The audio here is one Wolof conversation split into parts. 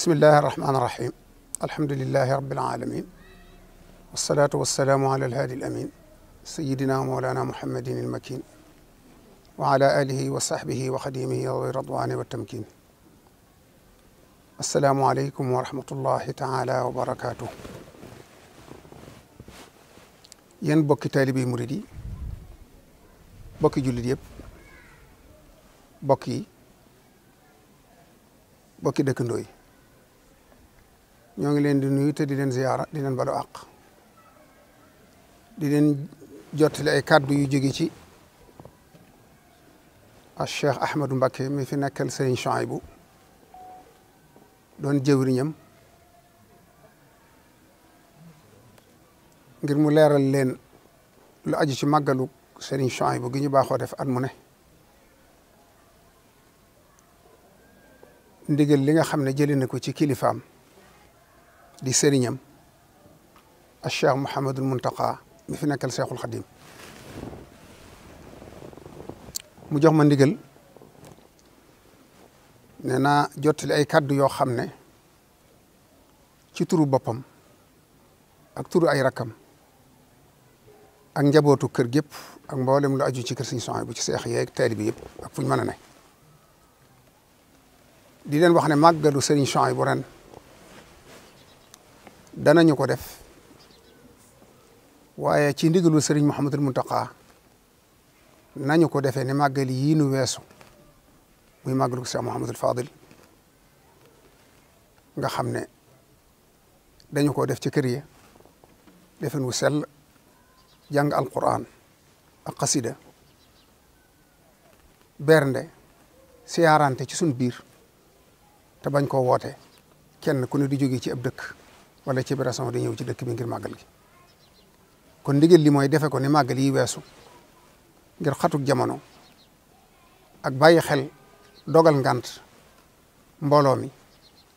bismillahi arrahmani irrahim alhamdulilahi rabilalamin walsalaatu walsalaamu ala alhaadi alamin sayidina moolana muhammadin ilmakin wa ala alihi wa saxbihi wa xadimihi wa radwaani wa tamkin assalaamu aleykum wa rahmatullahi taala wa barakaatu yéen bokki taalibe murid yi bokki jullit yëpp bokk yi bokki dëkkandoo yi ñoo ngi leen di nuyu te di leen ziyaara di leen balu àq di leen jottali ay kàddu yu jóge ci a Cheikh Ahmadou Mbacké mi fi nekkal Sëriñ bu doon jëwriñam ngir mu leeral leen lu aju ci màggalu Sëriñ Chouaïbou gi ñu baaxoo def at mu ne ndigal li nga xam ne jëlee na ko ci kilifaam di sëriñam ak cheikh Mouhamadul Muntaqa mu fi nekkal Cheikhul Khadim mu jox ma ndigal nee naa jottali ay kàddu yoo xam ne ci turu boppam ak turu ay rakkam ak njabootu kër gépp ak mboolem lu aju ci kër Sëriñ Suhaybu bu ci seex yeeg taalibe yëpp ak fu ñu mën a ne di leen wax ne màggalu Sëriñ Suhaybu bu ren danañu ko def waaye ci ndigalu Serigne Mouhamadul Mountakha nañu ko defee ne màggal yii nu weesu mu muy màggalu Cheikh Mouhamadul Fadil nga xam ne dañu ko def ci kër yi defen wu sell jàng alquran ak xasida bernde siyaarante ci sun biir te bañ koo woote kenn ku ne di jóge ci ab dëkk wala ci raison di ñëw ci dëkk bi ngir màggal gi kon ndigal li mooy defe ko ni màggal yi weesu ngir xatuk jamono ak bàyyi xel dogal ngant mbooloo mi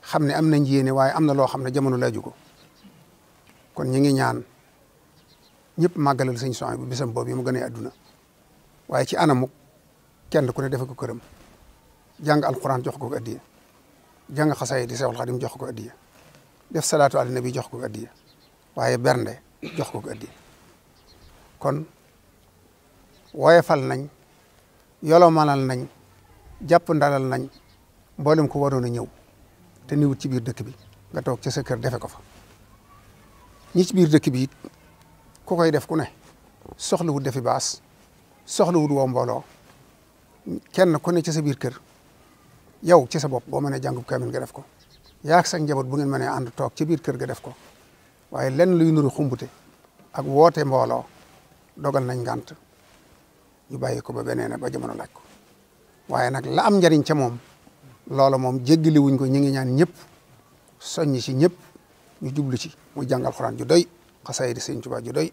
xam ne am nañ yéene waaye am na loo xam ne jamono laaju ko kon ñu ngi ñaan ñëpp màggalal sëñ Sohaybu bu bisam boobu yi mu gën a adduna waaye ci anamuk kenn ku ne defe ko këram jàng alquran jox ko ko addiya jàng xasaay di Seexul Xadim jox ko addiya def salaatu ala nabi jox ko ko addiya waaye bernde jox ko ko addiya kon woyefal nañ yolomalal nañ jàpp ndalal nañ mboolem ko waroon a ñëw te niwut ci biir dëkk bi nga toog ca sa kër defe ko fa ñi ci biir dëkk bi ku koy def ku ne soxlawut defi baas soxlawut woo mbooloo kenn ku ne ci sa biir kër yow ci sa bopp boo mënee jàngub kaamil nga def ko yaag sa njaboot bu ngeen mënee ànd toog ci biir kër ga def ko waaye lenn luy nuru xumbute ak woote mbooloo dogal nañ ngànt ñu bàyyi ko ba beneen ba jamono laaj ko waaye nag la am njariñ ca moom loola moom jéggali wuñ ko ñu ngi ñaan ñëpp soññ si ñëpp ñu jublu si mu jàngal xuraan ju doy xasayidi sëñ Tuubaa ju doy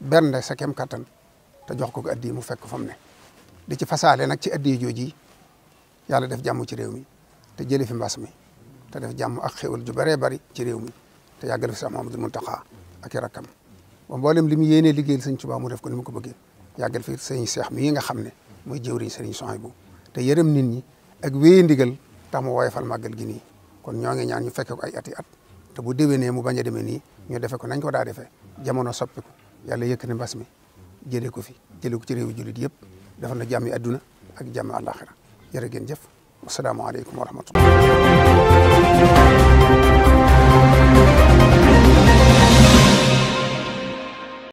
bernde sa kem kattan te jox ko ko addi mu fekk fom ne di ci fasaale nag ci addi jooji yàlla def jàmm ci réew mi te jëlee fi mbas mi te def jàmm ak xéwal ju bëree bëri ci réew mi te yàggal fi Cheikh Mouhamadoul Mountakha ak i rakkam ba mboolem li mu yéenee liggéeyal sëñ Tuubaa mu def ko ni mu ko bëggee yàggal fi sëñ Cheikh mii nga xam ne mooy jëwriñ sëriñ Souhaïbou te yërëm nit ñi ak wéye ndigal tax mu woyofal màggal gi nii kon ñoo ngi ñaan ñu fekke ko ay ati at te bu déwénee mu bañ a demee nii ñu defe ko nañ ko daa defee jamono soppiku yàlla yekk ne mbas mi jëlee ko fi jëlee ko ci réewu jullit yëpp dafa na jàmmi adduna ak jàmmi àllaaxira jërë ngeen jëf wasalaamaaleykum wa rahmatullah thank you